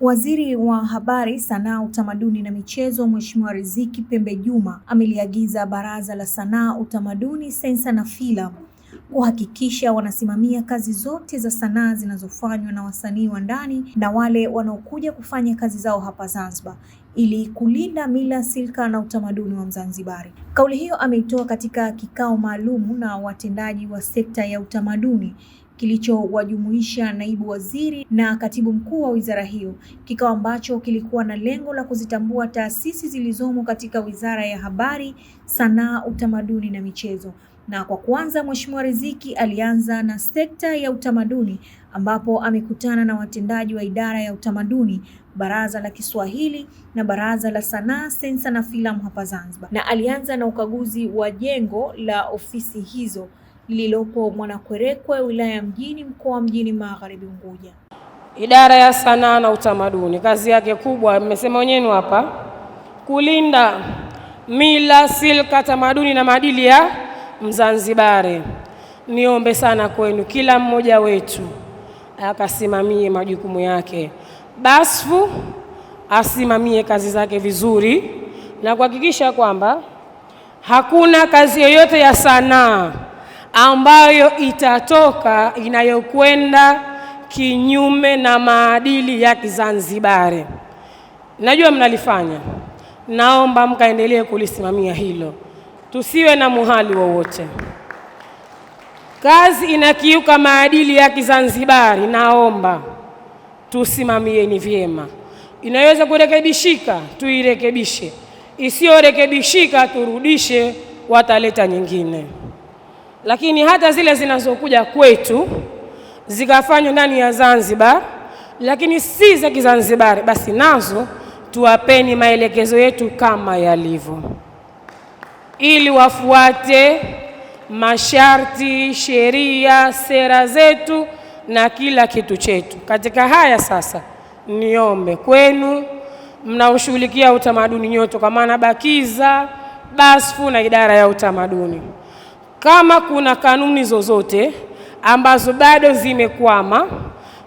Waziri wa Habari, Sanaa, Utamaduni na Michezo, Mheshimiwa Riziki Pembe Juma ameliagiza Baraza la Sanaa, Utamaduni, Sensa na Filamu kuhakikisha wanasimamia kazi zote za sanaa zinazofanywa na wasanii wa ndani na wale wanaokuja kufanya kazi zao hapa Zanzibar ili kulinda mila, silka na utamaduni wa Mzanzibari. Kauli hiyo ameitoa katika kikao maalum na watendaji wa sekta ya utamaduni kilichowajumuisha naibu waziri na katibu mkuu wa wizara hiyo, kikao ambacho kilikuwa na lengo la kuzitambua taasisi zilizomo katika Wizara ya Habari, Sanaa, Utamaduni na Michezo. Na kwa kwanza, Mheshimiwa Riziki alianza na sekta ya utamaduni ambapo amekutana na watendaji wa idara ya utamaduni, baraza la Kiswahili na baraza la sanaa, sensa na filamu hapa Zanzibar, na alianza na ukaguzi wa jengo la ofisi hizo lililopo Mwanakwerekwe, wilaya ya Mjini, mkoa wa Mjini Magharibi, Unguja. Idara ya Sanaa na Utamaduni, kazi yake kubwa, mmesema wenyewe hapa, kulinda mila, silka, tamaduni na maadili ya Mzanzibari. Niombe sana kwenu, kila mmoja wetu akasimamie majukumu yake, Basfu asimamie kazi zake vizuri na kuhakikisha kwamba hakuna kazi yoyote ya sanaa ambayo itatoka inayokwenda kinyume na maadili ya Kizanzibari. Najua mnalifanya, naomba mkaendelee kulisimamia hilo, tusiwe na muhali wowote. Kazi inakiuka maadili ya Kizanzibari, naomba tusimamieni vyema. Inaweza kurekebishika, tuirekebishe; isiyorekebishika, turudishe, wataleta nyingine lakini hata zile zinazokuja kwetu zikafanywa ndani ya Zanzibar, lakini si za Kizanzibari, basi nazo tuwapeni maelekezo yetu kama yalivyo, ili wafuate masharti, sheria, sera zetu na kila kitu chetu. Katika haya sasa, niombe kwenu mnaoshughulikia utamaduni nyote, kwa maana BAKIZA, BASFU na idara ya utamaduni kama kuna kanuni zozote ambazo bado zimekwama,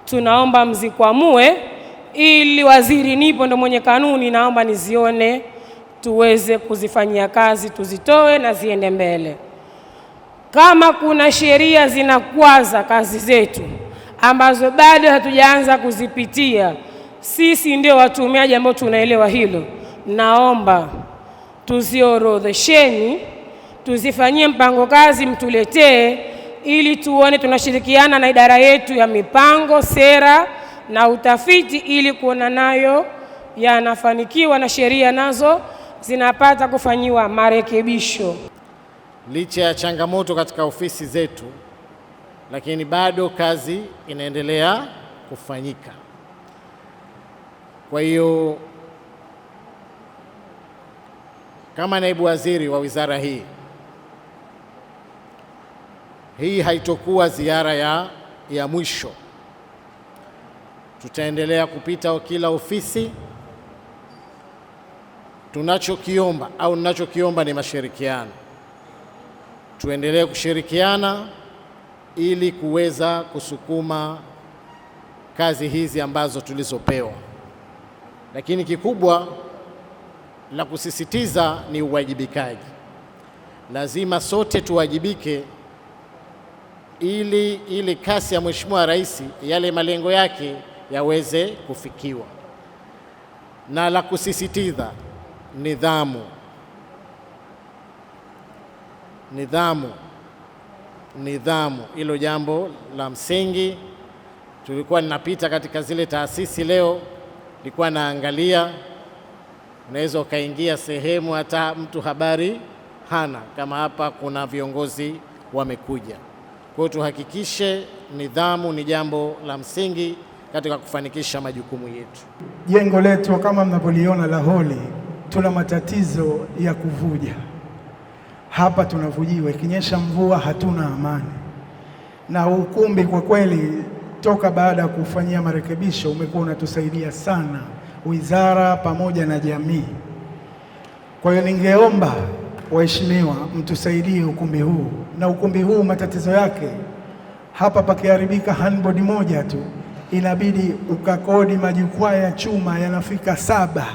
tunaomba mzikwamue, ili waziri, nipo ndo mwenye kanuni, naomba nizione, tuweze kuzifanyia kazi, tuzitoe na ziende mbele. Kama kuna sheria zinakwaza kazi zetu ambazo bado hatujaanza kuzipitia, sisi ndio watumiaji ambao tunaelewa hilo, naomba tuziorodhesheni tuzifanyie mpango kazi, mtuletee ili tuone tunashirikiana na idara yetu ya mipango, sera na utafiti ili kuona nayo yanafanikiwa na sheria nazo zinapata kufanyiwa marekebisho. Licha ya changamoto katika ofisi zetu, lakini bado kazi inaendelea kufanyika. Kwa hiyo kama naibu waziri wa wizara hii hii haitokuwa ziara ya, ya mwisho. Tutaendelea kupita kila ofisi. Tunachokiomba au ninachokiomba ni mashirikiano, tuendelee kushirikiana ili kuweza kusukuma kazi hizi ambazo tulizopewa, lakini kikubwa la kusisitiza ni uwajibikaji. Lazima sote tuwajibike ili ile kasi ya Mheshimiwa Rais yale malengo yake yaweze kufikiwa. Na la kusisitiza nidhamu, nidhamu, nidhamu. Hilo jambo la msingi. Tulikuwa ninapita katika zile taasisi leo, nilikuwa naangalia, unaweza ukaingia sehemu hata mtu habari hana, kama hapa kuna viongozi wamekuja. Kwa hiyo tuhakikishe nidhamu ni jambo la msingi katika kufanikisha majukumu yetu. Jengo letu kama mnavyoliona la holi, tuna matatizo ya kuvuja hapa, tunavujiwa. Ikinyesha mvua hatuna amani, na ukumbi kwa kweli, toka baada ya kufanyia marekebisho, umekuwa unatusaidia sana wizara pamoja na jamii. Kwa hiyo ningeomba Waheshimiwa, mtusaidie ukumbi huu, na ukumbi huu matatizo yake hapa pakiharibika handboard moja tu inabidi ukakodi majukwaa ya chuma yanafika saba,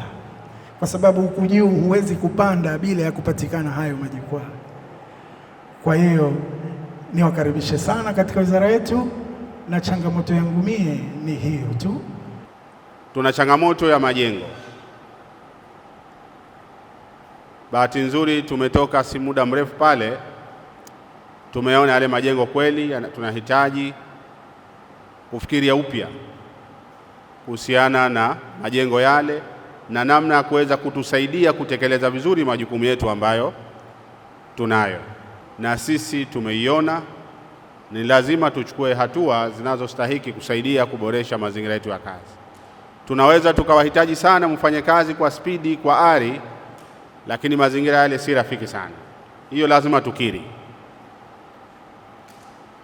kwa sababu huku juu huwezi kupanda bila ya kupatikana hayo majukwaa. Kwa hiyo niwakaribishe sana katika wizara yetu, na changamoto yangu mie ni hiyo tu, tuna changamoto ya majengo. Bahati nzuri tumetoka si muda mrefu pale, tumeona yale majengo kweli tunahitaji kufikiria upya kuhusiana na majengo yale na namna ya kuweza kutusaidia kutekeleza vizuri majukumu yetu ambayo tunayo, na sisi tumeiona ni lazima tuchukue hatua zinazostahiki kusaidia kuboresha mazingira yetu ya kazi. Tunaweza tukawahitaji sana mfanye kazi kwa spidi, kwa ari lakini mazingira yale si rafiki sana, hiyo lazima tukiri,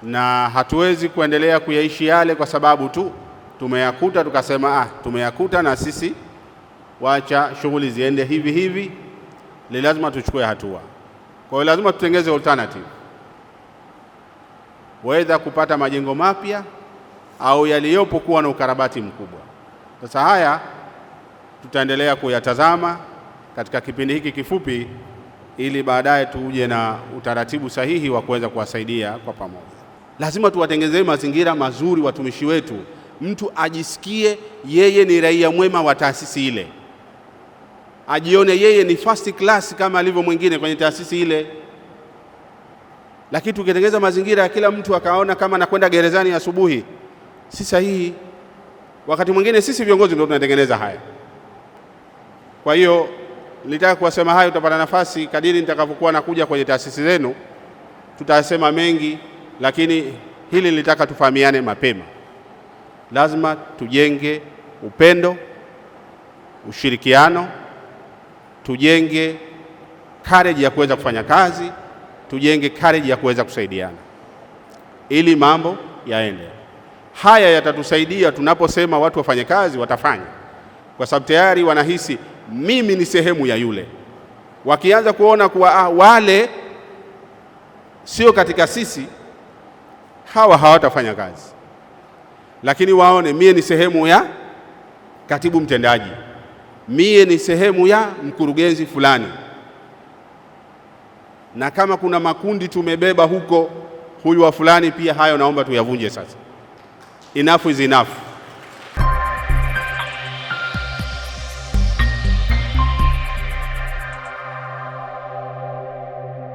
na hatuwezi kuendelea kuyaishi yale kwa sababu tu tumeyakuta tukasema, ah, tumeyakuta na sisi wacha shughuli ziende hivi hivi. Ni lazima tuchukue hatua. Kwa hiyo lazima tutengeze alternative, waweza kupata majengo mapya au yaliyopo kuwa na ukarabati mkubwa. Sasa haya tutaendelea kuyatazama katika kipindi hiki kifupi, ili baadaye tuje na utaratibu sahihi wa kuweza kuwasaidia kwa pamoja. Lazima tuwatengenezee mazingira mazuri watumishi wetu, mtu ajisikie yeye ni raia mwema wa taasisi ile, ajione yeye ni first class kama alivyo mwingine kwenye taasisi ile. Lakini tukitengeneza mazingira ya kila mtu akaona kama anakwenda gerezani asubuhi, si sahihi. Wakati mwingine sisi viongozi ndio tunatengeneza haya, kwa hiyo Nilitaka kuwasema hayo, tutapata nafasi kadiri nitakavyokuwa nakuja kwenye taasisi zenu, tutasema mengi, lakini hili nilitaka tufahamiane mapema. Lazima tujenge upendo, ushirikiano, tujenge courage ya kuweza kufanya kazi, tujenge courage ya kuweza kusaidiana ili mambo yaende. Haya yatatusaidia tunaposema watu wafanye kazi, watafanya kwa sababu tayari wanahisi mimi ni sehemu ya yule. Wakianza kuona kuwa ah, wale sio katika sisi, hawa hawatafanya kazi, lakini waone mie ni sehemu ya katibu mtendaji, mie ni sehemu ya mkurugenzi fulani. Na kama kuna makundi tumebeba huko, huyu wa fulani pia, hayo naomba tuyavunje sasa. Enough is enough.